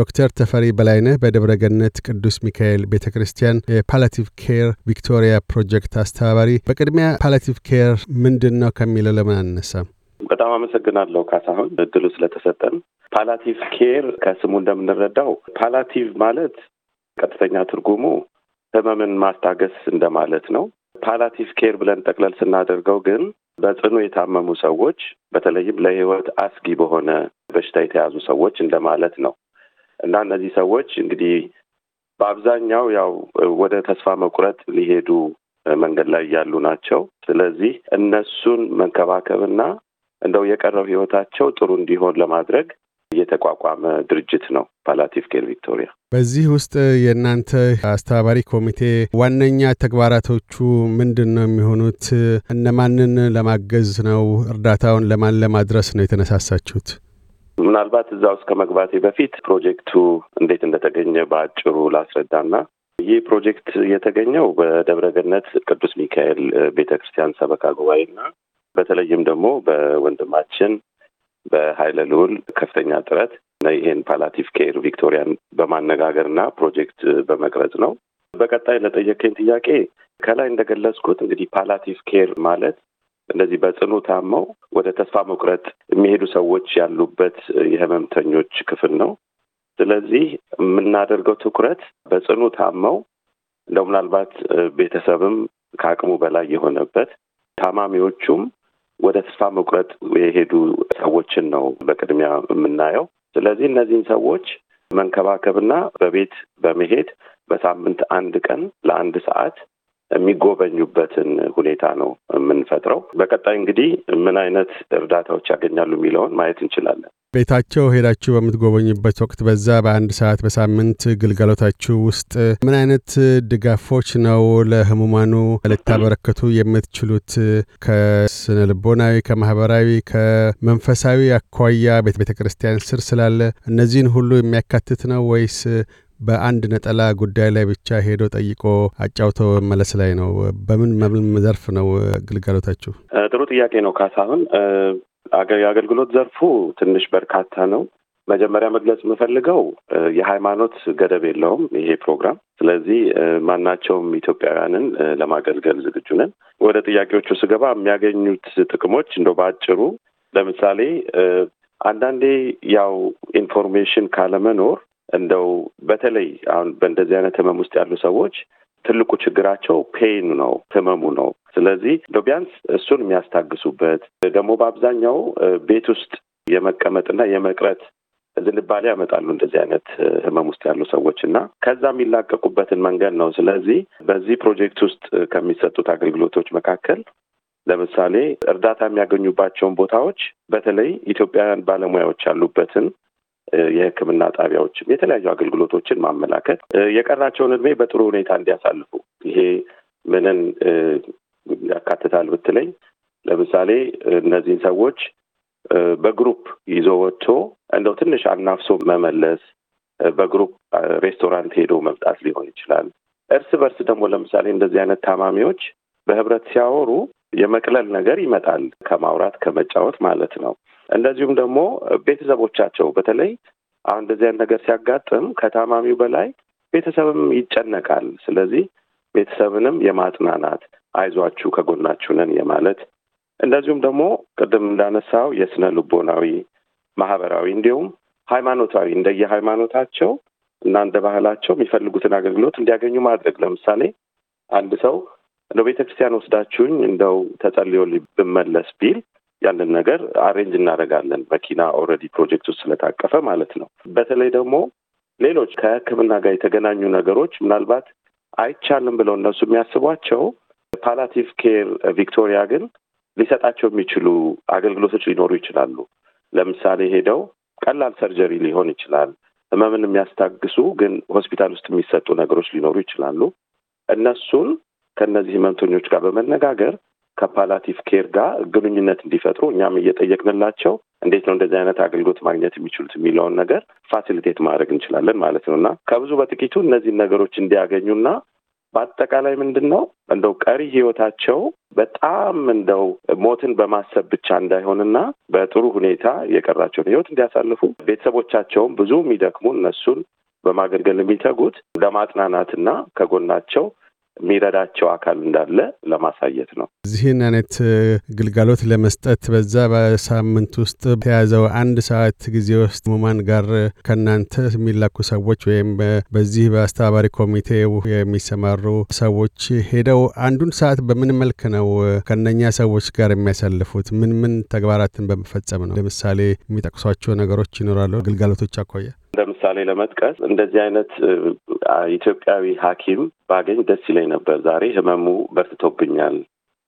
ዶክተር ተፈሪ በላይነህ በደብረ ገነት ቅዱስ ሚካኤል ቤተ ክርስቲያን የፓላቲቭ ኬር ቪክቶሪያ ፕሮጀክት አስተባባሪ። በቅድሚያ ፓላቲቭ ኬር ምንድን ነው ከሚለው ለምን አነሳም? በጣም አመሰግናለሁ ካሳሁን እድሉ ስለተሰጠን። ፓላቲቭ ኬር ከስሙ እንደምንረዳው ፓላቲቭ ማለት ቀጥተኛ ትርጉሙ ህመምን ማስታገስ እንደማለት ነው። ፓላቲቭ ኬር ብለን ጠቅለል ስናደርገው ግን በጽኑ የታመሙ ሰዎች በተለይም ለህይወት አስጊ በሆነ በሽታ የተያዙ ሰዎች እንደማለት ነው። እና እነዚህ ሰዎች እንግዲህ በአብዛኛው ያው ወደ ተስፋ መቁረጥ ሊሄዱ መንገድ ላይ ያሉ ናቸው። ስለዚህ እነሱን መንከባከብና እንደው የቀረው ህይወታቸው ጥሩ እንዲሆን ለማድረግ የተቋቋመ ድርጅት ነው ፓላቲቭ ኬር ቪክቶሪያ። በዚህ ውስጥ የእናንተ አስተባባሪ ኮሚቴ ዋነኛ ተግባራቶቹ ምንድን ነው የሚሆኑት? እነማንን ለማገዝ ነው? እርዳታውን ለማን ለማድረስ ነው የተነሳሳችሁት? ምናልባት እዛ ውስጥ ከመግባቴ በፊት ፕሮጀክቱ እንዴት እንደተገኘ በአጭሩ ላስረዳና ይህ ፕሮጀክት የተገኘው በደብረገነት ቅዱስ ሚካኤል ቤተ ክርስቲያን ሰበካ ጉባኤና በተለይም ደግሞ በወንድማችን በሀይለ ልውል ከፍተኛ ጥረት ይሄን ፓላቲቭ ኬር ቪክቶሪያን በማነጋገርና ፕሮጀክት በመቅረጽ ነው። በቀጣይ ለጠየቀኝ ጥያቄ ከላይ እንደገለጽኩት እንግዲህ ፓላቲቭ ኬር ማለት እንደዚህ በጽኑ ታመው ወደ ተስፋ መቁረጥ የሚሄዱ ሰዎች ያሉበት የህመምተኞች ክፍል ነው። ስለዚህ የምናደርገው ትኩረት በጽኑ ታመው እንደው ምናልባት ቤተሰብም ከአቅሙ በላይ የሆነበት ታማሚዎቹም ወደ ተስፋ መቁረጥ የሄዱ ሰዎችን ነው በቅድሚያ የምናየው። ስለዚህ እነዚህን ሰዎች መንከባከብና በቤት በመሄድ በሳምንት አንድ ቀን ለአንድ ሰዓት የሚጎበኙበትን ሁኔታ ነው የምንፈጥረው። በቀጣይ እንግዲህ ምን አይነት እርዳታዎች ያገኛሉ የሚለውን ማየት እንችላለን። ቤታቸው ሄዳችሁ በምትጎበኙበት ወቅት በዛ በአንድ ሰዓት በሳምንት ግልጋሎታችሁ ውስጥ ምን አይነት ድጋፎች ነው ለህሙማኑ ልታበረከቱ የምትችሉት? ከስነ ልቦናዊ፣ ከማህበራዊ፣ ከመንፈሳዊ አኳያ ቤተ ክርስቲያን ስር ስላለ እነዚህን ሁሉ የሚያካትት ነው ወይስ በአንድ ነጠላ ጉዳይ ላይ ብቻ ሄዶ ጠይቆ አጫውቶ መመለስ ላይ ነው። በምን በምን ዘርፍ ነው ግልጋሎታችሁ? ጥሩ ጥያቄ ነው ካሳሁን። የአገልግሎት ዘርፉ ትንሽ በርካታ ነው። መጀመሪያ መግለጽ የምፈልገው የሃይማኖት ገደብ የለውም ይሄ ፕሮግራም። ስለዚህ ማናቸውም ኢትዮጵያውያንን ለማገልገል ዝግጁ ነን። ወደ ጥያቄዎቹ ስገባ የሚያገኙት ጥቅሞች እንደው በአጭሩ ለምሳሌ አንዳንዴ ያው ኢንፎርሜሽን ካለመኖር እንደው በተለይ አሁን በእንደዚህ አይነት ህመም ውስጥ ያሉ ሰዎች ትልቁ ችግራቸው ፔን ነው፣ ህመሙ ነው። ስለዚህ እንደው ቢያንስ እሱን የሚያስታግሱበት ደግሞ በአብዛኛው ቤት ውስጥ የመቀመጥና የመቅረት ዝንባሌ ያመጣሉ እንደዚህ አይነት ህመም ውስጥ ያሉ ሰዎች እና ከዛ የሚላቀቁበትን መንገድ ነው። ስለዚህ በዚህ ፕሮጀክት ውስጥ ከሚሰጡት አገልግሎቶች መካከል ለምሳሌ እርዳታ የሚያገኙባቸውን ቦታዎች በተለይ ኢትዮጵያውያን ባለሙያዎች ያሉበትን የሕክምና ጣቢያዎችም የተለያዩ አገልግሎቶችን ማመላከት የቀራቸውን እድሜ በጥሩ ሁኔታ እንዲያሳልፉ። ይሄ ምንን ያካትታል ብትለኝ፣ ለምሳሌ እነዚህን ሰዎች በግሩፕ ይዞ ወጥቶ እንደው ትንሽ አናፍሶ መመለስ፣ በግሩፕ ሬስቶራንት ሄዶ መምጣት ሊሆን ይችላል። እርስ በርስ ደግሞ ለምሳሌ እንደዚህ አይነት ታማሚዎች በህብረት ሲያወሩ የመቅለል ነገር ይመጣል፣ ከማውራት ከመጫወት ማለት ነው። እንደዚሁም ደግሞ ቤተሰቦቻቸው በተለይ አሁን እንደዚህ አይነት ነገር ሲያጋጥም ከታማሚው በላይ ቤተሰብም ይጨነቃል። ስለዚህ ቤተሰብንም የማጽናናት አይዟችሁ፣ ከጎናችሁ ነን የማለት እንደዚሁም ደግሞ ቅድም እንዳነሳው የስነ ልቦናዊ፣ ማህበራዊ እንዲሁም ሃይማኖታዊ እንደየ ሃይማኖታቸው እና እንደ ባህላቸው የሚፈልጉትን አገልግሎት እንዲያገኙ ማድረግ ለምሳሌ አንድ ሰው እንደው ቤተክርስቲያን ወስዳችሁኝ እንደው ተጸልዮ ብመለስ ቢል ያንን ነገር አሬንጅ እናደርጋለን። መኪና ኦልሬዲ ፕሮጀክት ውስጥ ስለታቀፈ ማለት ነው። በተለይ ደግሞ ሌሎች ከሕክምና ጋር የተገናኙ ነገሮች ምናልባት አይቻልም ብለው እነሱ የሚያስቧቸው ፓላቲቭ ኬር ቪክቶሪያ ግን ሊሰጣቸው የሚችሉ አገልግሎቶች ሊኖሩ ይችላሉ። ለምሳሌ ሄደው ቀላል ሰርጀሪ ሊሆን ይችላል። ህመምን የሚያስታግሱ ግን ሆስፒታል ውስጥ የሚሰጡ ነገሮች ሊኖሩ ይችላሉ። እነሱን ከእነዚህ ህመምተኞች ጋር በመነጋገር ከፓላቲቭ ኬር ጋር ግንኙነት እንዲፈጥሩ እኛም እየጠየቅንላቸው እንዴት ነው እንደዚህ አይነት አገልግሎት ማግኘት የሚችሉት የሚለውን ነገር ፋሲሊቴት ማድረግ እንችላለን ማለት ነው እና ከብዙ በጥቂቱ እነዚህን ነገሮች እንዲያገኙና በአጠቃላይ ምንድን ነው እንደው ቀሪ ህይወታቸው በጣም እንደው ሞትን በማሰብ ብቻ እንዳይሆንና በጥሩ ሁኔታ የቀራቸውን ህይወት እንዲያሳልፉ ቤተሰቦቻቸውም ብዙ የሚደክሙ እነሱን በማገልገል የሚተጉት ለማጥናናትና ከጎናቸው የሚረዳቸው አካል እንዳለ ለማሳየት ነው። እዚህን አይነት ግልጋሎት ለመስጠት በዛ በሳምንት ውስጥ ተያዘው አንድ ሰዓት ጊዜ ውስጥ ሙማን ጋር ከእናንተ የሚላኩ ሰዎች ወይም በዚህ በአስተባባሪ ኮሚቴ የሚሰማሩ ሰዎች ሄደው አንዱን ሰዓት በምን መልክ ነው ከነኛ ሰዎች ጋር የሚያሳልፉት? ምን ምን ተግባራትን በመፈጸም ነው? ለምሳሌ የሚጠቅሷቸው ነገሮች ይኖራሉ። ግልጋሎቶች አኳያ እንደ ምሳሌ ለመጥቀስ እንደዚህ አይነት ኢትዮጵያዊ ሐኪም ባገኝ ደስ ይለኝ ነበር፣ ዛሬ ህመሙ በርትቶብኛል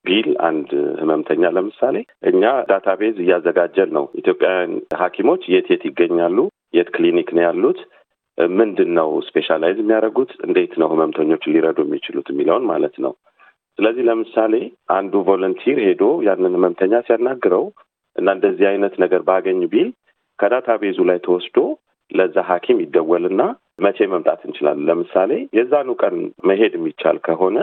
ቢል አንድ ህመምተኛ ለምሳሌ እኛ ዳታቤዝ እያዘጋጀን ነው። ኢትዮጵያውያን ሐኪሞች የት የት ይገኛሉ? የት ክሊኒክ ነው ያሉት? ምንድን ነው ስፔሻላይዝ የሚያደርጉት? እንዴት ነው ህመምተኞች ሊረዱ የሚችሉት የሚለውን ማለት ነው። ስለዚህ ለምሳሌ አንዱ ቮለንቲር ሄዶ ያንን ህመምተኛ ሲያናግረው እና እንደዚህ አይነት ነገር ባገኝ ቢል ከዳታቤዙ ላይ ተወስዶ ለዛ ሐኪም ይደወልና መቼ መምጣት እንችላለን? ለምሳሌ የዛኑ ቀን መሄድ የሚቻል ከሆነ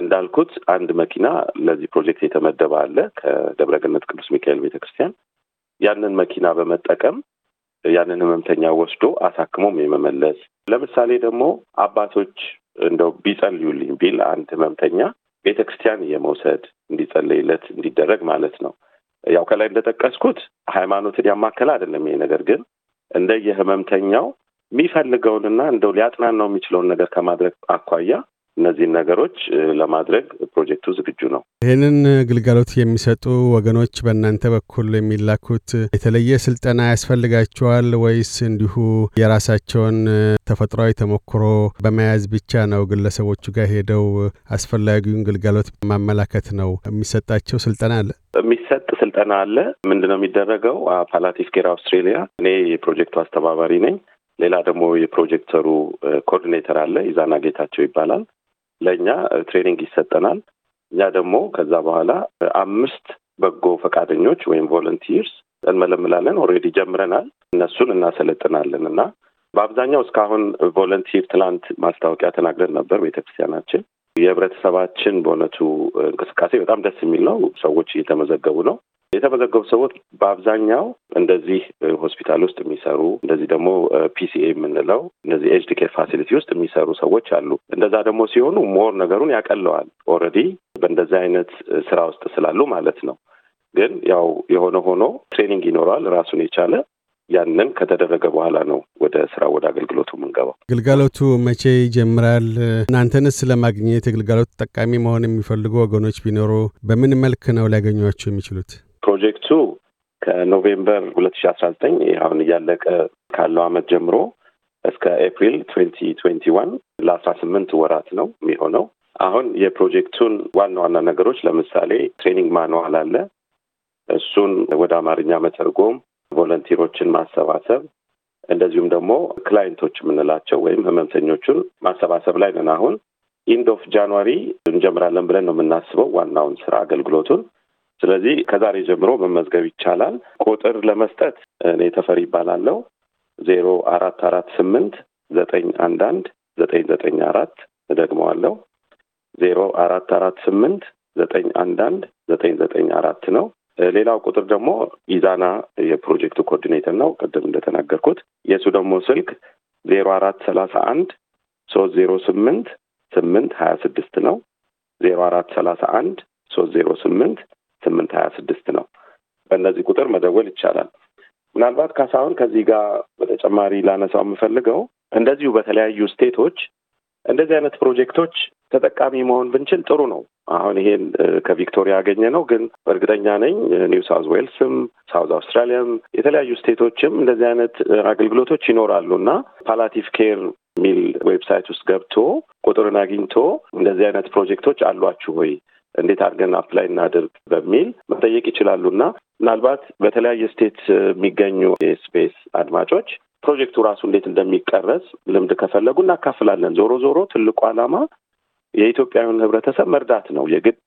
እንዳልኩት አንድ መኪና ለዚህ ፕሮጀክት የተመደበ አለ ከደብረ ገነት ቅዱስ ሚካኤል ቤተክርስቲያን። ያንን መኪና በመጠቀም ያንን ህመምተኛ ወስዶ አሳክሞም የመመለስ ለምሳሌ ደግሞ አባቶች እንደው ቢጸልዩልኝ ቢል አንድ ህመምተኛ ቤተ ክርስቲያን የመውሰድ እንዲጸለይለት እንዲደረግ ማለት ነው። ያው ከላይ እንደጠቀስኩት ሃይማኖትን ያማከለ አይደለም ይሄ ነገር ግን እንደየህመምተኛው የሚፈልገውንና እንደው ሊያጥናናው የሚችለውን ነገር ከማድረግ አኳያ እነዚህን ነገሮች ለማድረግ ፕሮጀክቱ ዝግጁ ነው። ይህንን ግልጋሎት የሚሰጡ ወገኖች በእናንተ በኩል የሚላኩት የተለየ ስልጠና ያስፈልጋቸዋል ወይስ እንዲሁ የራሳቸውን ተፈጥሯዊ ተሞክሮ በመያዝ ብቻ ነው? ግለሰቦቹ ጋር ሄደው አስፈላጊውን ግልጋሎት ማመላከት ነው የሚሰጣቸው? ስልጠና አለ የሚሰጥ ስልጠና አለ። ምንድነው የሚደረገው? ፓላቲቭ ኬር አውስትሬሊያ፣ እኔ የፕሮጀክቱ አስተባባሪ ነኝ። ሌላ ደግሞ የፕሮጀክተሩ ኮኦርዲኔተር አለ፣ ኢዛና ጌታቸው ይባላል። ለእኛ ትሬኒንግ ይሰጠናል። እኛ ደግሞ ከዛ በኋላ አምስት በጎ ፈቃደኞች ወይም ቮለንቲርስ እንመለምላለን። ኦልሬዲ ጀምረናል። እነሱን እናሰለጥናለን እና በአብዛኛው እስካሁን ቮለንቲር ትላንት ማስታወቂያ ተናግረን ነበር ቤተክርስቲያናችን። የህብረተሰባችን በእውነቱ እንቅስቃሴ በጣም ደስ የሚል ነው። ሰዎች እየተመዘገቡ ነው። የተመዘገቡ ሰዎች በአብዛኛው እንደዚህ ሆስፒታል ውስጥ የሚሰሩ እንደዚህ ደግሞ ፒሲኤ የምንለው እነዚህ ኤጅድ ኬር ፋሲሊቲ ውስጥ የሚሰሩ ሰዎች አሉ። እንደዛ ደግሞ ሲሆኑ ሞር ነገሩን ያቀለዋል። ኦልሬዲ በእንደዚህ አይነት ስራ ውስጥ ስላሉ ማለት ነው። ግን ያው የሆነ ሆኖ ትሬኒንግ ይኖረዋል ራሱን የቻለ ያንን ከተደረገ በኋላ ነው ወደ ስራ ወደ አገልግሎቱ የምንገባው። ግልጋሎቱ መቼ ይጀምራል? እናንተንስ ለማግኘት የግልጋሎቱ ተጠቃሚ መሆን የሚፈልጉ ወገኖች ቢኖሩ በምን መልክ ነው ሊያገኟቸው የሚችሉት? ፕሮጀክቱ ከኖቬምበር ሁለት ሺ አስራ ዘጠኝ አሁን እያለቀ ካለው አመት ጀምሮ እስከ ኤፕሪል ትዌንቲ ትዌንቲ ዋን ለአስራ ስምንት ወራት ነው የሚሆነው። አሁን የፕሮጀክቱን ዋና ዋና ነገሮች ለምሳሌ ትሬኒንግ ማንዋል አለ። እሱን ወደ አማርኛ መተርጎም፣ ቮለንቲሮችን ማሰባሰብ እንደዚሁም ደግሞ ክላይንቶች የምንላቸው ወይም ህመምተኞቹን ማሰባሰብ ላይ ነን። አሁን ኢንድ ኦፍ ጃንዋሪ እንጀምራለን ብለን ነው የምናስበው ዋናውን ስራ አገልግሎቱን ስለዚህ ከዛሬ ጀምሮ መመዝገብ ይቻላል። ቁጥር ለመስጠት እኔ ተፈሪ ይባላለው። ዜሮ አራት አራት ስምንት ዘጠኝ አንድ አንድ ዘጠኝ ዘጠኝ አራት እደግመዋለው። ዜሮ አራት አራት ስምንት ዘጠኝ አንድ አንድ ዘጠኝ ዘጠኝ አራት ነው። ሌላው ቁጥር ደግሞ ኢዛና የፕሮጀክቱ ኮኦርዲኔተር ነው፣ ቅድም እንደተናገርኩት። የእሱ ደግሞ ስልክ ዜሮ አራት ሰላሳ አንድ ሶስት ዜሮ ስምንት ስምንት ሀያ ስድስት ነው። ዜሮ አራት ሰላሳ አንድ ሶስት ዜሮ ስምንት ስምንት ሀያ ስድስት ነው። በእነዚህ ቁጥር መደወል ይቻላል። ምናልባት ካሳሁን ከዚህ ጋር በተጨማሪ ላነሳው የምፈልገው እንደዚሁ በተለያዩ ስቴቶች እንደዚህ አይነት ፕሮጀክቶች ተጠቃሚ መሆን ብንችል ጥሩ ነው። አሁን ይሄን ከቪክቶሪያ ያገኘ ነው፣ ግን በእርግጠኛ ነኝ ኒው ሳውዝ ዌልስም ሳውዝ አውስትራሊያም የተለያዩ ስቴቶችም እንደዚህ አይነት አገልግሎቶች ይኖራሉ እና ፓላቲቭ ኬር የሚል ዌብሳይት ውስጥ ገብቶ ቁጥርን አግኝቶ እንደዚህ አይነት ፕሮጀክቶች አሏችሁ ወይ እንዴት አድርገን አፕላይ እናድርግ በሚል መጠየቅ ይችላሉ እና ምናልባት በተለያየ ስቴት የሚገኙ የስፔስ አድማጮች ፕሮጀክቱ ራሱ እንዴት እንደሚቀረጽ ልምድ ከፈለጉ እናካፍላለን። ዞሮ ዞሮ ትልቁ ዓላማ የኢትዮጵያውያን ህብረተሰብ መርዳት ነው። የግድ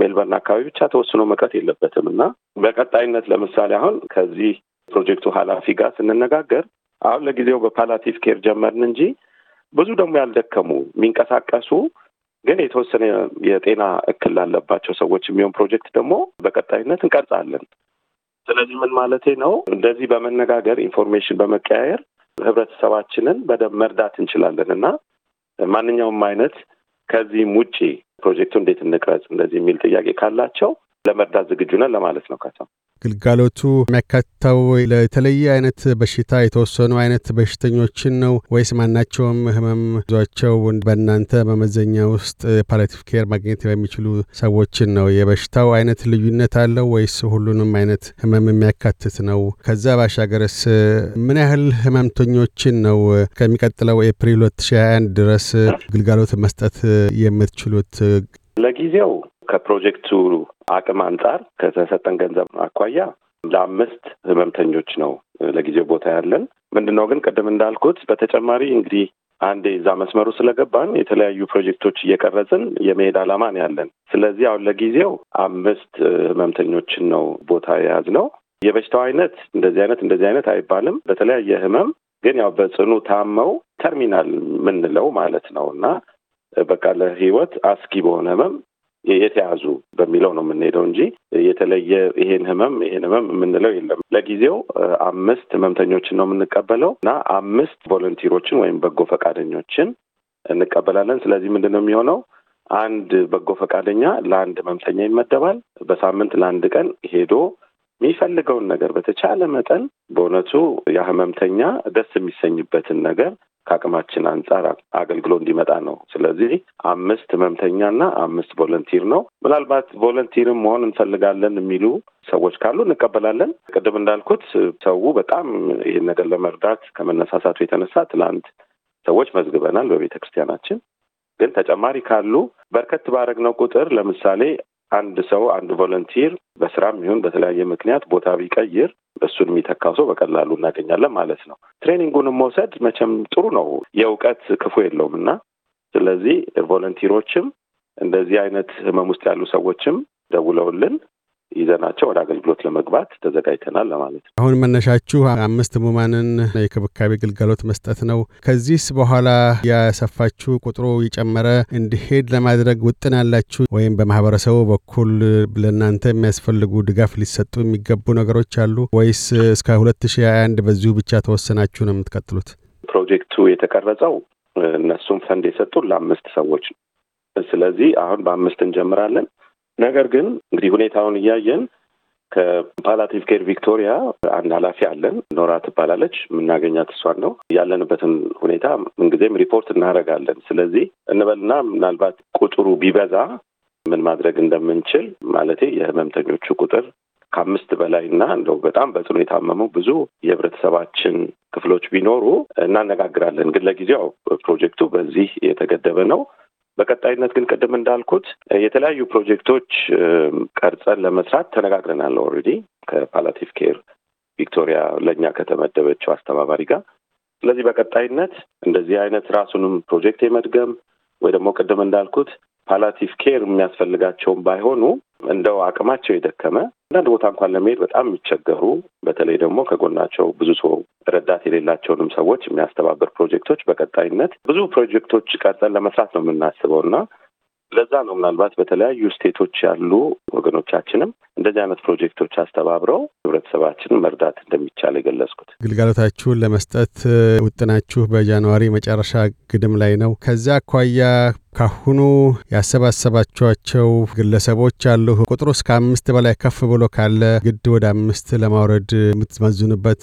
ሜልበርን አካባቢ ብቻ ተወስኖ መቅረት የለበትም እና በቀጣይነት ለምሳሌ አሁን ከዚህ ፕሮጀክቱ ኃላፊ ጋር ስንነጋገር አሁን ለጊዜው በፓላቲቭ ኬር ጀመርን እንጂ ብዙ ደግሞ ያልደከሙ የሚንቀሳቀሱ ግን የተወሰነ የጤና እክል ላለባቸው ሰዎች የሚሆን ፕሮጀክት ደግሞ በቀጣይነት እንቀርጻለን። ስለዚህ ምን ማለቴ ነው? እንደዚህ በመነጋገር ኢንፎርሜሽን በመቀያየር ህብረተሰባችንን በደንብ መርዳት እንችላለን እና ማንኛውም አይነት ከዚህም ውጪ ፕሮጀክቱ እንዴት እንቅረጽ እንደዚህ የሚል ጥያቄ ካላቸው ለመርዳት ዝግጁ ነን ለማለት ነው። ካሳ ግልጋሎቱ የሚያካትተው ለተለየ አይነት በሽታ የተወሰኑ አይነት በሽተኞችን ነው ወይስ ማናቸውም ህመም ይዟቸው በእናንተ መመዘኛ ውስጥ ፓሊያቲቭ ኬር ማግኘት በሚችሉ ሰዎችን ነው? የበሽታው አይነት ልዩነት አለው ወይስ ሁሉንም አይነት ህመም የሚያካትት ነው? ከዛ ባሻገርስ ምን ያህል ህመምተኞችን ነው ከሚቀጥለው ኤፕሪል 2021 ድረስ ግልጋሎት መስጠት የምትችሉት? ለጊዜው ከፕሮጀክቱ አቅም አንጻር ከተሰጠን ገንዘብ አኳያ ለአምስት ህመምተኞች ነው ለጊዜው ቦታ ያለን። ምንድነው ግን ቅድም እንዳልኩት በተጨማሪ እንግዲህ አንዴ እዛ መስመሩ ስለገባን የተለያዩ ፕሮጀክቶች እየቀረጽን የመሄድ አላማ ነው ያለን። ስለዚህ አሁን ለጊዜው አምስት ህመምተኞችን ነው ቦታ የያዝነው። የበሽታው አይነት እንደዚህ አይነት እንደዚህ አይነት አይባልም። በተለያየ ህመም ግን ያው በጽኑ ታመው ተርሚናል የምንለው ማለት ነው እና በቃ ለህይወት አስጊ በሆነ ህመም የተያዙ በሚለው ነው የምንሄደው እንጂ የተለየ ይሄን ህመም ይሄን ህመም የምንለው የለም። ለጊዜው አምስት ህመምተኞችን ነው የምንቀበለው እና አምስት ቮለንቲሮችን ወይም በጎ ፈቃደኞችን እንቀበላለን። ስለዚህ ምንድን ነው የሚሆነው? አንድ በጎ ፈቃደኛ ለአንድ ህመምተኛ ይመደባል። በሳምንት ለአንድ ቀን ሄዶ የሚፈልገውን ነገር በተቻለ መጠን በእውነቱ ያ ህመምተኛ ደስ የሚሰኝበትን ነገር ከአቅማችን አንጻር አገልግሎ እንዲመጣ ነው። ስለዚህ አምስት እና አምስት ቮለንቲር ነው። ምናልባት ቮለንቲርም መሆን እንፈልጋለን የሚሉ ሰዎች ካሉ እንቀበላለን። ቅድም እንዳልኩት ሰው በጣም ይህን ነገር ለመርዳት ከመነሳሳቱ የተነሳ ትናንት ሰዎች መዝግበናል በቤተ ክርስቲያናችን። ግን ተጨማሪ ካሉ በርከት ባረግነው ቁጥር ለምሳሌ አንድ ሰው አንድ ቮለንቲር በስራም ይሁን በተለያየ ምክንያት ቦታ ቢቀይር እሱን የሚተካው ሰው በቀላሉ እናገኛለን ማለት ነው። ትሬኒንጉንም መውሰድ መቼም ጥሩ ነው፣ የእውቀት ክፉ የለውም እና ስለዚህ ቮለንቲሮችም እንደዚህ አይነት ህመም ውስጥ ያሉ ሰዎችም ደውለውልን ይዘናቸው ወደ አገልግሎት ለመግባት ተዘጋጅተናል ለማለት ነው። አሁን መነሻችሁ አምስት ህሙማንን የክብካቤ ግልጋሎት መስጠት ነው። ከዚህስ በኋላ ያሰፋችሁ ቁጥሩ የጨመረ እንዲሄድ ለማድረግ ውጥን ያላችሁ ወይም በማህበረሰቡ በኩል ለእናንተ የሚያስፈልጉ ድጋፍ ሊሰጡ የሚገቡ ነገሮች አሉ ወይስ እስከ ሁለት ሺህ ሀያ አንድ በዚሁ ብቻ ተወሰናችሁ ነው የምትቀጥሉት? ፕሮጀክቱ የተቀረጸው እነሱም ፈንድ የሰጡ ለአምስት ሰዎች ነው። ስለዚህ አሁን በአምስት እንጀምራለን ነገር ግን እንግዲህ ሁኔታውን እያየን ከፓላቲቭ ኬር ቪክቶሪያ አንድ ኃላፊ አለን። ኖራ ትባላለች። የምናገኛት እሷን ነው። ያለንበትን ሁኔታ ምንጊዜም ሪፖርት እናደርጋለን። ስለዚህ እንበልና ምናልባት ቁጥሩ ቢበዛ ምን ማድረግ እንደምንችል ማለቴ የህመምተኞቹ ቁጥር ከአምስት በላይ እና እንደው በጣም በጽኑ የታመሙ ብዙ የህብረተሰባችን ክፍሎች ቢኖሩ እናነጋግራለን። ግን ለጊዜው ፕሮጀክቱ በዚህ የተገደበ ነው። በቀጣይነት ግን ቅድም እንዳልኩት የተለያዩ ፕሮጀክቶች ቀርጸን ለመስራት ተነጋግረናል። ኦልሬዲ ከፓላቲቭ ኬር ቪክቶሪያ ለእኛ ከተመደበችው አስተባባሪ ጋር። ስለዚህ በቀጣይነት እንደዚህ አይነት ራሱንም ፕሮጀክት የመድገም ወይ ደግሞ ቅድም እንዳልኩት ፓላቲቭ ኬር የሚያስፈልጋቸውን ባይሆኑ እንደው አቅማቸው የደከመ አንዳንድ ቦታ እንኳን ለመሄድ በጣም የሚቸገሩ በተለይ ደግሞ ከጎናቸው ብዙ ሰው ረዳት የሌላቸውንም ሰዎች የሚያስተባብር ፕሮጀክቶች በቀጣይነት ብዙ ፕሮጀክቶች ቀርጸን ለመስራት ነው የምናስበው እና ለዛ ነው ምናልባት በተለያዩ ስቴቶች ያሉ ወገኖቻችንም እንደዚህ አይነት ፕሮጀክቶች አስተባብረው ህብረተሰባችን መርዳት እንደሚቻል የገለጽኩት። ግልጋሎታችሁን ለመስጠት ውጥናችሁ በጃንዋሪ መጨረሻ ግድም ላይ ነው። ከዚያ አኳያ ካሁኑ ያሰባሰባቸዋቸው ግለሰቦች አሉ። ቁጥሩ እስከ አምስት በላይ ከፍ ብሎ ካለ ግድ ወደ አምስት ለማውረድ የምትመዝኑበት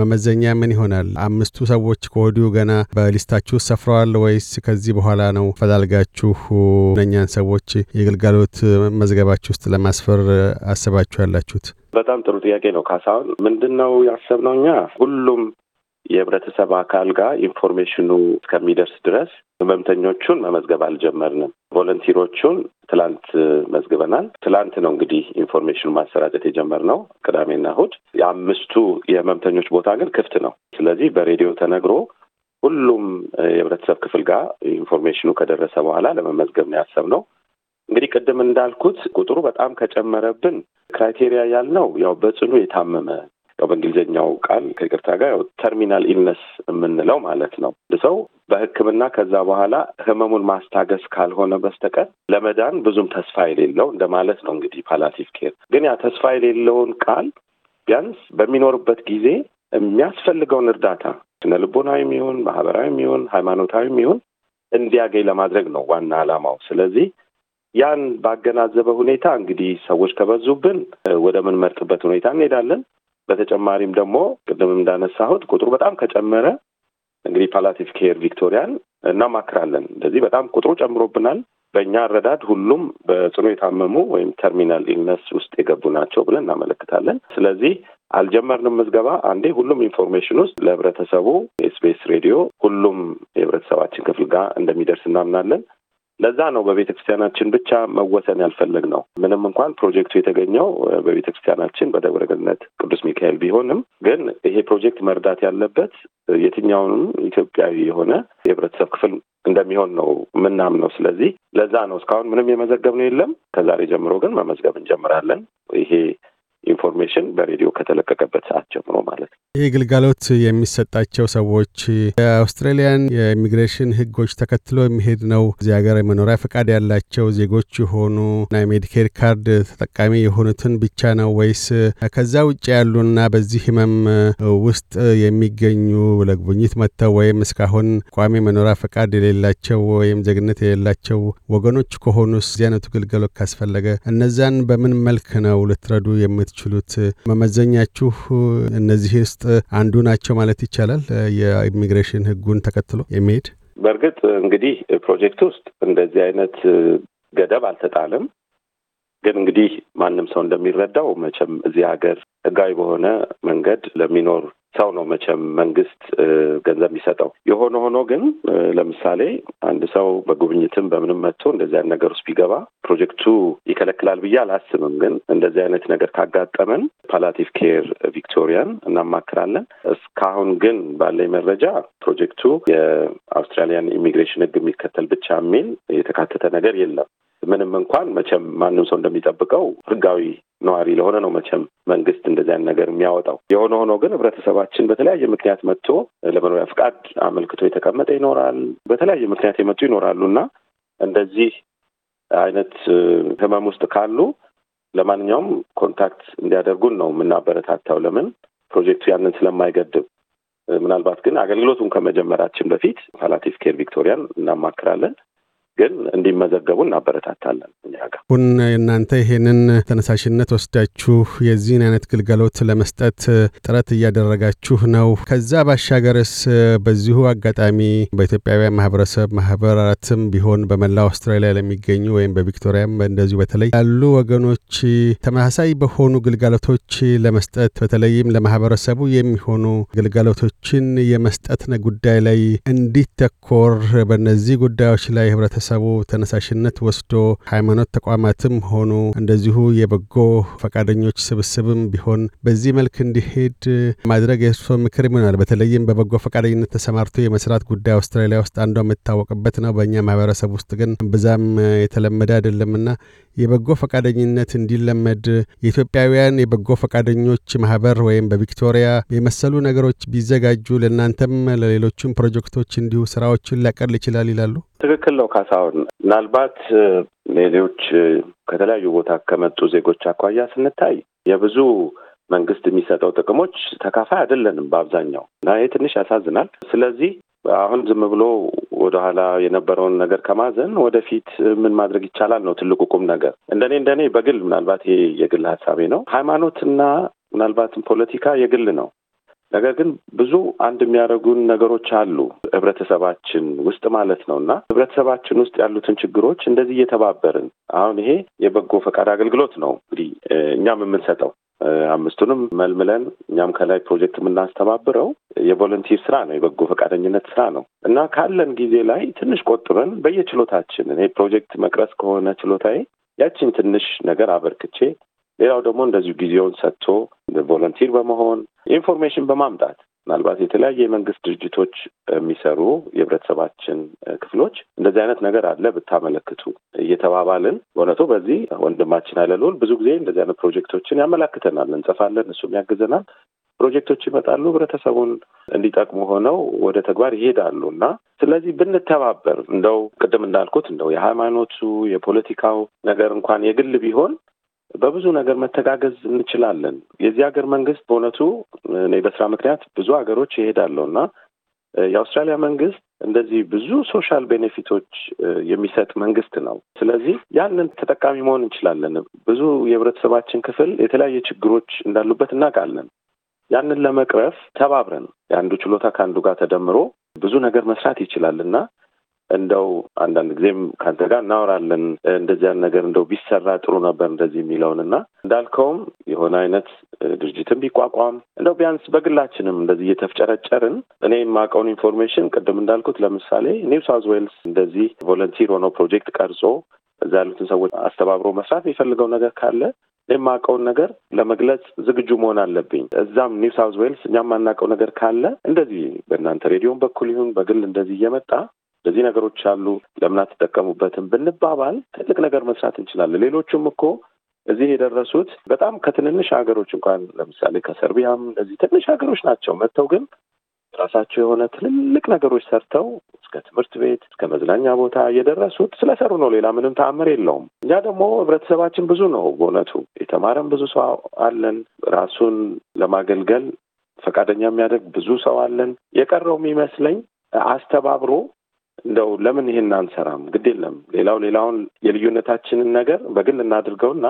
መመዘኛ ምን ይሆናል? አምስቱ ሰዎች ከወዲሁ ገና በሊስታችሁ ሰፍረዋል ወይስ ከዚህ በኋላ ነው ፈላልጋችሁ እነኛን ሰዎች የግልጋሎት መዝገባችሁ ውስጥ ለማስፈር አስባችሁ ያላችሁት? በጣም ጥሩ ጥያቄ ነው ካሳሁን። ምንድን ነው ያሰብነው እኛ ሁሉም የህብረተሰብ አካል ጋር ኢንፎርሜሽኑ እስከሚደርስ ድረስ ህመምተኞቹን መመዝገብ አልጀመርንም። ቮለንቲሮቹን ትላንት መዝግበናል። ትላንት ነው እንግዲህ ኢንፎርሜሽኑ ማሰራጨት የጀመርነው ቅዳሜና እሁድ። የአምስቱ የህመምተኞች ቦታ ግን ክፍት ነው። ስለዚህ በሬዲዮ ተነግሮ ሁሉም የህብረተሰብ ክፍል ጋር ኢንፎርሜሽኑ ከደረሰ በኋላ ለመመዝገብ ነው ያሰብነው። እንግዲህ ቅድም እንዳልኩት ቁጥሩ በጣም ከጨመረብን ክራይቴሪያ ያልነው ያው በጽኑ የታመመ ያው በእንግሊዝኛው ቃል ከይቅርታ ጋር ያው ተርሚናል ኢልነስ የምንለው ማለት ነው። ሰው በሕክምና ከዛ በኋላ ህመሙን ማስታገስ ካልሆነ በስተቀር ለመዳን ብዙም ተስፋ የሌለው እንደማለት ነው። እንግዲህ ፓላቲቭ ኬር ግን ያ ተስፋ የሌለውን ቃል ቢያንስ በሚኖርበት ጊዜ የሚያስፈልገውን እርዳታ ስነ ልቦናዊም ይሁን ማህበራዊም ይሁን ሃይማኖታዊም ይሁን እንዲያገኝ ለማድረግ ነው ዋና ዓላማው። ስለዚህ ያን ባገናዘበ ሁኔታ እንግዲህ ሰዎች ከበዙብን ወደ ምንመርጥበት ሁኔታ እንሄዳለን። በተጨማሪም ደግሞ ቅድም እንዳነሳሁት ቁጥሩ በጣም ከጨመረ እንግዲህ ፓላቲቭ ኬር ቪክቶሪያን እናማክራለን። እንደዚህ በጣም ቁጥሩ ጨምሮብናል፣ በእኛ አረዳድ ሁሉም በጽኑ የታመሙ ወይም ተርሚናል ኢልነስ ውስጥ የገቡ ናቸው ብለን እናመለክታለን። ስለዚህ አልጀመርንም ምዝገባ። አንዴ ሁሉም ኢንፎርሜሽን ውስጥ ለህብረተሰቡ ኤስቢኤስ ሬዲዮ ሁሉም የህብረተሰባችን ክፍል ጋር እንደሚደርስ እናምናለን። ለዛ ነው በቤተ ክርስቲያናችን ብቻ መወሰን ያልፈለግ ነው። ምንም እንኳን ፕሮጀክቱ የተገኘው በቤተ ክርስቲያናችን በደብረ ገነት ቅዱስ ሚካኤል ቢሆንም ግን ይሄ ፕሮጀክት መርዳት ያለበት የትኛውንም ኢትዮጵያዊ የሆነ የህብረተሰብ ክፍል እንደሚሆን ነው ምናምነው ስለዚህ ለዛ ነው እስካሁን ምንም የመዘገብ ነው የለም። ከዛሬ ጀምሮ ግን መመዝገብ እንጀምራለን። ይሄ ኢንፎርሜሽን በሬዲዮ ከተለቀቀበት ሰዓት ጀምሮ ማለት ነው። ይህ ግልጋሎት የሚሰጣቸው ሰዎች የአውስትራሊያን የኢሚግሬሽን ሕጎች ተከትሎ የሚሄድ ነው። እዚህ ሀገር የመኖሪያ ፈቃድ ያላቸው ዜጎች የሆኑና የሜዲኬር ካርድ ተጠቃሚ የሆኑትን ብቻ ነው ወይስ ከዛ ውጭ ያሉና በዚህ ህመም ውስጥ የሚገኙ ለጉብኝት መጥተው ወይም እስካሁን ቋሚ መኖሪያ ፈቃድ የሌላቸው ወይም ዜግነት የሌላቸው ወገኖች ከሆኑስ እዚህ አይነቱ ግልጋሎት ካስፈለገ እነዛን በምን መልክ ነው ልትረዱ የምት የምትችሉት መመዘኛችሁ እነዚህ ውስጥ አንዱ ናቸው ማለት ይቻላል? የኢሚግሬሽን ህጉን ተከትሎ የሚሄድ በእርግጥ እንግዲህ ፕሮጀክት ውስጥ እንደዚህ አይነት ገደብ አልተጣለም። ግን እንግዲህ ማንም ሰው እንደሚረዳው መቼም እዚህ ሀገር ህጋዊ በሆነ መንገድ ለሚኖር ሰው ነው መቼም መንግስት ገንዘብ የሚሰጠው። የሆነ ሆኖ ግን ለምሳሌ አንድ ሰው በጉብኝትም በምንም መጥቶ እንደዚህ አይነት ነገር ውስጥ ቢገባ ፕሮጀክቱ ይከለክላል ብዬ አላስብም። ግን እንደዚህ አይነት ነገር ካጋጠመን ፓላቲቭ ኬር ቪክቶሪያን እናማክራለን። እስካሁን ግን ባለኝ መረጃ ፕሮጀክቱ የአውስትራሊያን ኢሚግሬሽን ህግ የሚከተል ብቻ የሚል የተካተተ ነገር የለም። ምንም እንኳን መቼም ማንም ሰው እንደሚጠብቀው ህጋዊ ነዋሪ ለሆነ ነው መቼም መንግስት እንደዚህ አይነት ነገር የሚያወጣው። የሆነ ሆኖ ግን ህብረተሰባችን በተለያየ ምክንያት መጥቶ ለመኖሪያ ፍቃድ አመልክቶ የተቀመጠ ይኖራል። በተለያየ ምክንያት የመጡ ይኖራሉ እና እንደዚህ አይነት ህመም ውስጥ ካሉ ለማንኛውም ኮንታክት እንዲያደርጉን ነው የምናበረታታው። ለምን ፕሮጀክቱ ያንን ስለማይገድብ። ምናልባት ግን አገልግሎቱን ከመጀመራችን በፊት ፓላቲቭ ኬር ቪክቶሪያን እናማክራለን። ግን እንዲመዘገቡ እናበረታታለን። እኛ ጋር አሁን እናንተ ይሄንን ተነሳሽነት ወስዳችሁ የዚህን አይነት ግልጋሎት ለመስጠት ጥረት እያደረጋችሁ ነው። ከዛ ባሻገርስ በዚሁ አጋጣሚ በኢትዮጵያውያን ማህበረሰብ ማህበራትም ቢሆን በመላው አውስትራሊያ ለሚገኙ ወይም በቪክቶሪያም እንደዚሁ በተለይ ያሉ ወገኖች ተመሳሳይ በሆኑ ግልጋሎቶች ለመስጠት በተለይም ለማህበረሰቡ የሚሆኑ ግልጋሎቶችን የመስጠት ጉዳይ ላይ እንዲተኮር በእነዚህ ጉዳዮች ላይ ህብረተ ህብረተሰቡ ተነሳሽነት ወስዶ ሃይማኖት ተቋማትም ሆኑ እንደዚሁ የበጎ ፈቃደኞች ስብስብም ቢሆን በዚህ መልክ እንዲሄድ ማድረግ የእርሶ ምክር ይሆናል? በተለይም በበጎ ፈቃደኝነት ተሰማርቶ የመስራት ጉዳይ አውስትራሊያ ውስጥ አንዷ የምታወቅበት ነው። በእኛ ማህበረሰብ ውስጥ ግን ብዛም የተለመደ አይደለምና የበጎ ፈቃደኝነት እንዲለመድ የኢትዮጵያውያን የበጎ ፈቃደኞች ማህበር ወይም በቪክቶሪያ የመሰሉ ነገሮች ቢዘጋጁ ለእናንተም ለሌሎችም ፕሮጀክቶች እንዲሁ ስራዎችን ሊያቀል ይችላል ይላሉ። ትክክል ነው ካሳሁን። ምናልባት ሌሎች ከተለያዩ ቦታ ከመጡ ዜጎች አኳያ ስንታይ የብዙ መንግስት የሚሰጠው ጥቅሞች ተካፋይ አይደለንም በአብዛኛው እና ይህ ትንሽ ያሳዝናል። ስለዚህ አሁን ዝም ብሎ ወደኋላ የነበረውን ነገር ከማዘን ወደፊት ምን ማድረግ ይቻላል ነው ትልቁ ቁም ነገር። እንደኔ እንደኔ በግል ምናልባት ይሄ የግል ሀሳቤ ነው። ሃይማኖትና ምናልባትም ፖለቲካ የግል ነው። ነገር ግን ብዙ አንድ የሚያደርጉን ነገሮች አሉ ህብረተሰባችን ውስጥ ማለት ነው እና ህብረተሰባችን ውስጥ ያሉትን ችግሮች እንደዚህ እየተባበርን አሁን ይሄ የበጎ ፈቃድ አገልግሎት ነው እንግዲህ እኛም የምንሰጠው አምስቱንም መልምለን እኛም ከላይ ፕሮጀክት የምናስተባብረው የቮለንቲር ስራ ነው፣ የበጎ ፈቃደኝነት ስራ ነው እና ካለን ጊዜ ላይ ትንሽ ቆጥበን በየችሎታችን እኔ ፕሮጀክት መቅረጽ ከሆነ ችሎታዬ ያችን ትንሽ ነገር አበርክቼ ሌላው ደግሞ እንደዚሁ ጊዜውን ሰጥቶ ቮለንቲር በመሆን ኢንፎርሜሽን በማምጣት ምናልባት የተለያየ የመንግስት ድርጅቶች የሚሰሩ የህብረተሰባችን ክፍሎች እንደዚህ አይነት ነገር አለ ብታመለክቱ እየተባባልን በእውነቱ በዚህ ወንድማችን አይለልል ብዙ ጊዜ እንደዚህ አይነት ፕሮጀክቶችን ያመላክተናል፣ እንጽፋለን፣ እሱም ያግዘናል። ፕሮጀክቶች ይመጣሉ፣ ህብረተሰቡን እንዲጠቅሙ ሆነው ወደ ተግባር ይሄዳሉ እና ስለዚህ ብንተባበር እንደው ቅድም እንዳልኩት እንደው የሃይማኖቱ የፖለቲካው ነገር እንኳን የግል ቢሆን በብዙ ነገር መተጋገዝ እንችላለን። የዚህ ሀገር መንግስት በእውነቱ እኔ በስራ ምክንያት ብዙ ሀገሮች ይሄዳለሁ እና የአውስትራሊያ መንግስት እንደዚህ ብዙ ሶሻል ቤኔፊቶች የሚሰጥ መንግስት ነው። ስለዚህ ያንን ተጠቃሚ መሆን እንችላለን። ብዙ የህብረተሰባችን ክፍል የተለያየ ችግሮች እንዳሉበት እናውቃለን። ያንን ለመቅረፍ ተባብረን የአንዱ ችሎታ ከአንዱ ጋር ተደምሮ ብዙ ነገር መስራት ይችላል እና እንደው አንዳንድ ጊዜም ከአንተ ጋር እናወራለን ያን ነገር እንደው ቢሰራ ጥሩ ነበር እንደዚህ የሚለውን እና እንዳልከውም የሆነ አይነት ድርጅትም ቢቋቋም እንደው ቢያንስ በግላችንም እንደዚህ እየተፍጨረጨርን እኔ የማውቀውን ኢንፎርሜሽን ቅድም እንዳልኩት ለምሳሌ ኒው ሳውዝ ዌልስ እንደዚህ ቮለንቲር ሆኖ ፕሮጀክት ቀርጾ እዛ ያሉትን ሰዎች አስተባብሮ መስራት የሚፈልገው ነገር ካለ የማውቀውን ነገር ለመግለጽ ዝግጁ መሆን አለብኝ። እዛም ኒው ሳውዝ ዌልስ እኛም የማናውቀው ነገር ካለ እንደዚህ በእናንተ ሬዲዮን በኩል ይሁን በግል እንደዚህ እየመጣ እንደዚህ ነገሮች አሉ፣ ለምን አትጠቀሙበትም ብንባባል ትልቅ ነገር መስራት እንችላለን። ሌሎቹም እኮ እዚህ የደረሱት በጣም ከትንንሽ ሀገሮች እንኳን ለምሳሌ ከሰርቢያም እነዚህ ትንሽ ሀገሮች ናቸው መጥተው ግን ራሳቸው የሆነ ትልልቅ ነገሮች ሰርተው እስከ ትምህርት ቤት እስከ መዝናኛ ቦታ የደረሱት ስለሰሩ ነው። ሌላ ምንም ተአምር የለውም። እኛ ደግሞ ህብረተሰባችን ብዙ ነው በእውነቱ የተማረም ብዙ ሰው አለን። ራሱን ለማገልገል ፈቃደኛ የሚያደርግ ብዙ ሰው አለን። የቀረው የሚመስለኝ አስተባብሮ እንደው ለምን ይሄን አንሰራም? ግድ የለም ሌላው ሌላውን የልዩነታችንን ነገር በግል እናድርገውና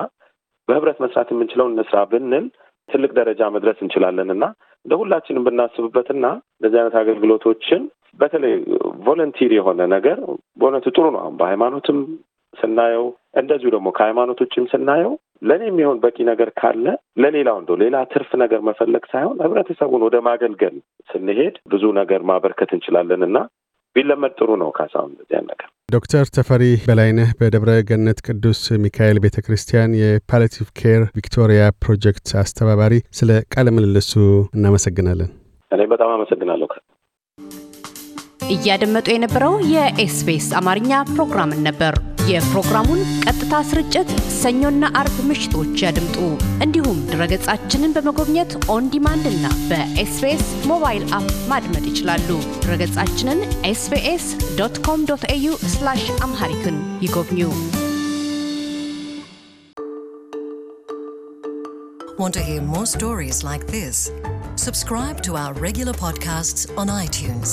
በህብረት መስራት የምንችለው እንስራ ብንል ትልቅ ደረጃ መድረስ እንችላለን እና እንደ ሁላችንም ብናስብበትና እንደዚህ አይነት አገልግሎቶችን በተለይ ቮለንቲር የሆነ ነገር በእውነቱ ጥሩ ነው። አሁን በሃይማኖትም ስናየው እንደዚሁ ደግሞ ከሃይማኖቶችም ስናየው ለእኔ የሚሆን በቂ ነገር ካለ ለሌላው እንደው ሌላ ትርፍ ነገር መፈለግ ሳይሆን ህብረተሰቡን ወደ ማገልገል ስንሄድ ብዙ ነገር ማበርከት እንችላለን እና ቢለመድ ጥሩ ነው። ካሳሁን በዚያን ነገር ዶክተር ተፈሪ በላይነህ በደብረ ገነት ቅዱስ ሚካኤል ቤተ ክርስቲያን የፓሊያቲቭ ኬር ቪክቶሪያ ፕሮጀክት አስተባባሪ፣ ስለ ቃለ ምልልሱ እናመሰግናለን። እኔም በጣም አመሰግናለሁ። እያደመጡ የነበረው የኤስቢኤስ አማርኛ ፕሮግራምን ነበር። የፕሮግራሙን ቀጥታ ስርጭት ሰኞና አርብ ምሽቶች ያድምጡ። እንዲሁም ድረገጻችንን በመጎብኘት ኦን ዲማንድ እና በኤስቢኤስ ሞባይል አፕ ማድመጥ ይችላሉ። ድረገጻችንን ኤስቢኤስ ዶት ኮም ዶት ኤዩ አምሃሪክን ይጎብኙ። Want to hear more stories like this? Subscribe to our regular podcasts on iTunes.